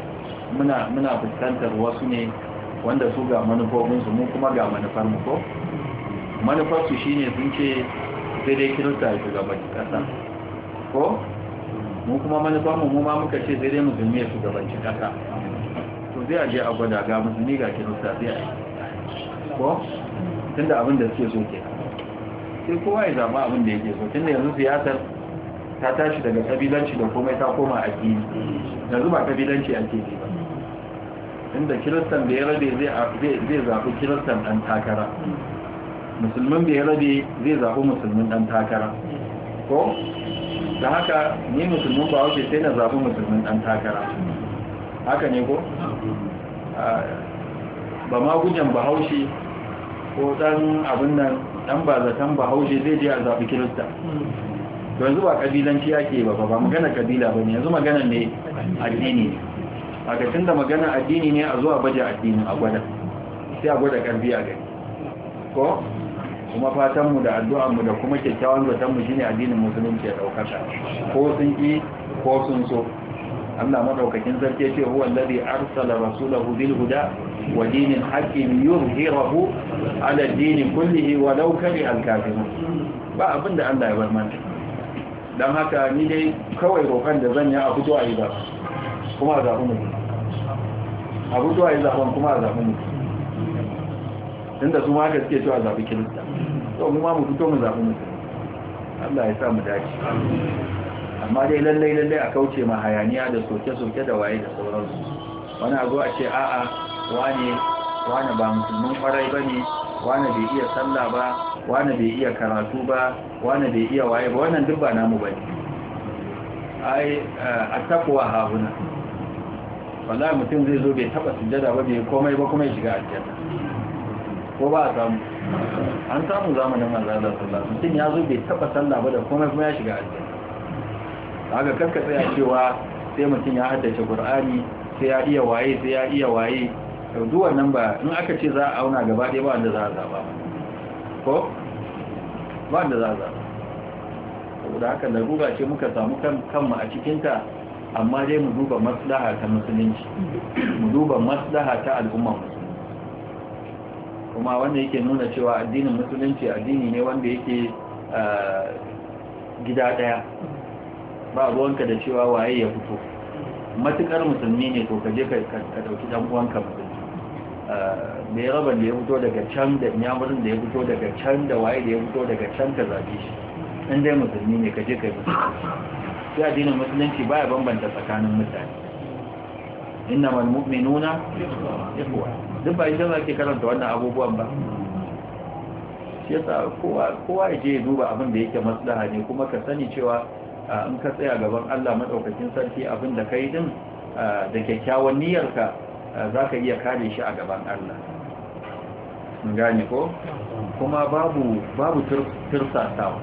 muna fuskantar wasu ne wanda su ga manufofinsu mu kuma ga manufar mu ko shi shine sun ce sai dai kirista ya shiga baki ƙasa ko mu kuma manufa mu mu ma muka ce sai dai zumi ya shugabanci kasa to zai aje a gwada ga musulmi ga kirista zai a ko tunda abin da suke so ke sai kowa ya zama abin da yake so tunda yanzu siyasar ta tashi daga kabilanci da komai ta koma a kini yanzu ba kabilanci a kini ba inda kiristan da ya rabe zai zafi kiristan ɗan takara musulmin da ya rabe zai zafi musulmin ɗan takara ko da haka ni musulmin ba wuce sai na zaɓi musulmin ɗan takara haka ne ko? ba ma gujen bahaushe ko ɗan abin nan ɗan ba zaton bahaushe zai je a zaɓi kirista yanzu ba ƙabilanci yake ba ba magana ƙabila ba ne yanzu magana ne addini ne a gashin da magana addini ne a zuwa baje addini a gwada sai a gwada ƙarfi a gani ko kuma fatanmu da addu'anmu da kuma kyakkyawan zatonmu shine addinin musulunci ya ɗaukaka ko sun ƙi ko sun so Allah madaukakin sarki ce huwa alladhi arsala rasulahu bil huda wa dinil haqqi yuzhirahu ala din kullihi walau kariha al kafirun ba abinda Allah ya bar mana dan haka ni dai kawai rokan da zan yi a fito a yi ba kuma a zaɓi mu a fito a yi zaɓen kuma a zaɓi mu tunda su ma gaske cewa zaɓi kirista to mu ma mu fito mu zaɓi musulmi Allah ya sa mu dace amma dai lallai lallai a kauce ma hayaniya da soke-soke da waye da sauransu wani abu a ce a'a wani wani ba musulmin kwarai ba ne wani bai iya sallah ba wani bai iya karatu ba wani bai iya waye ba wannan duk ba namu ba ne ai eh, a takwa huna wallahi mutum zai zo bai taba sujjada ba bai komai ba kuma ya shiga aljanna ko ba a samu an samu zamanin manzan sallah mutum ya zo bai taba sallah ba da komai kuma ya shiga aljanna haka kanka tsaya cewa sai mutum ya haddace Qur'ani sai ya iya waye sai ya iya waye duk wannan ba in aka ce za a auna gaba ɗaya ba wanda za a zaba ko ba wanda za a zaba saboda haka larura ce muka samu kanmu a cikinta amma dai mu duba maslaha ta musulunci mu duba maslaha ta al'ummar kuma wanda yake nuna cewa addinin musulunci addini ne wanda yake ah, gida daya ba ruwanka da cewa waye ya fito matukar musulmi ne ko kaje ka dauki dan uwanka musulmi da ah, ya rabar da ya fito daga can da nyamurin da ya fito daga can da waye da ya fito daga can ka zafi shi in dai musulmi ne kaje yi musulmi sai addinin musulunci ba ya bambanta tsakanin mutane innamal mu'minuna ikhwa duk ba yadda za ke karanta wannan abubuwan ba shi yasa kowa ya ce ya duba abin da yake maslaha ne kuma ka sani cewa in ka tsaya gaban Allah madaukakin sarki abin da kai din da kyakkyawan niyyarka za ka iya kare shi a gaban Allah gane ko kuma babu babu tirsasawa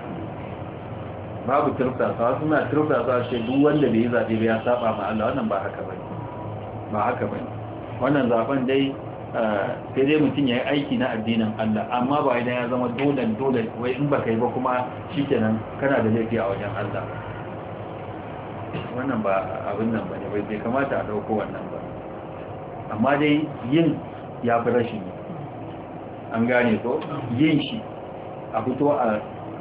babu tirsasawa suna tirsasawa shi duk wanda bai yi zaɓe ba ya saba ma Allah wannan ba haka bane ba haka bane wannan zaben dai Eh, sai dai mutum ya yi aiki na addinin Allah amma ba idan ya zama dole dole wai in baka yi ba kuma shi kenan kana da laifi a wajen Allah wannan ba abin nan ne bai bai kamata a dauko wannan ba amma dai yin ya fi rashin an gane ko yin shi a fito a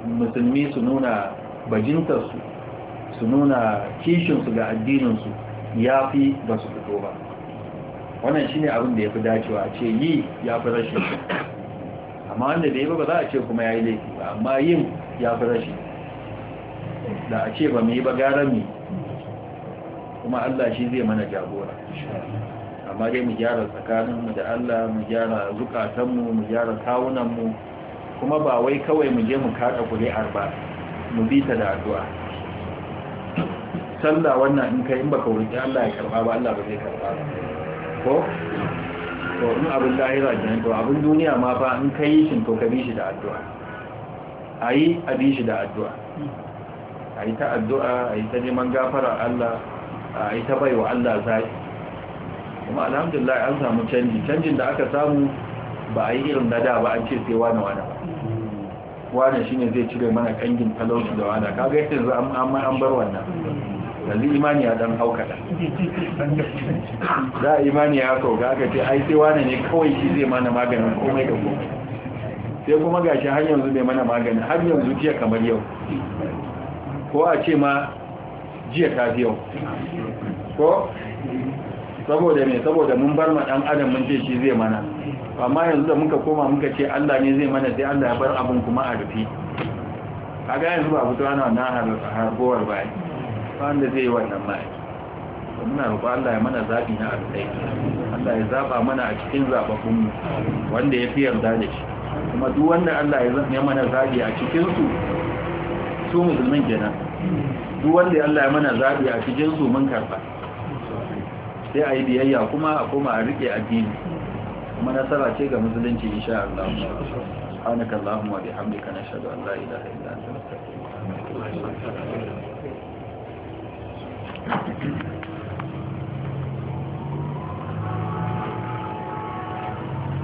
musulmi su nuna bajintarsu su nuna kishinsu ga addininsu ya fi ba su fito ba wannan shine abin da yafi dacewa a ce yi ya fi rashin amma wanda da yi ba za a ce kuma ya yi laifi ba amma yin ya fi rashin da a ce ba mu yi ba gara mu kuma Allah shi zai mana jagora amma dai mu gyara tsakaninmu da Allah mu gyara zukatan mu gyara kawunanmu kuma ba wai kawai mu je mu kada kuri'ar ba mu bi ta da addu'a sallah wannan in kai in baka wuri Allah ya karba ba Allah ba zai karba ba ko Ko in abin lahira kenan to abin duniya ma fa in kai shi to ka bi shi da addu'a ayi a bi shi da addu'a ayi ta addu'a ayi ta neman gafara Allah ayi ta baiwa Allah zai kuma alhamdulillah an samu canji canjin da aka samu ba a yi irin na da ba an ce sai wani wani ba wani shine zai cire mana kangin talauci da wani kaga yanzu an bar wannan yanzu imani ya dan hauka da a imani ya ga aka ce ai sai wane ne kawai shi zai mana maganin komai da komai sai kuma gashi har yanzu bai mana maganin har yanzu jiya kamar yau ko a ce ma jiya ta fi yau ko saboda ne saboda mun bar ma dan adam mun ce shi zai mana amma yanzu da muka koma muka ce Allah ne zai mana sai Allah ya bar abin kuma a rufi kaga yanzu ba fito ana wannan harkowar bayan wanda zai yi wannan mai muna roƙo Allah ya mana zaɓi na arzai Allah ya zaɓa mana a cikin zaɓaɓunmu wanda ya fi yarda da shi kuma duk wanda Allah ya mana zaɓi a cikinsu su musulmin kenan duk wanda Allah ya mana zaɓi a cikinsu mun karɓa sai a yi biyayya kuma a koma a riƙe addini kuma nasara ce ga musulunci insha Allah subhanakallahumma wa bihamdika nashhadu an la ilaha illa anta astaghfiruka wa atubu ilaik Thank you.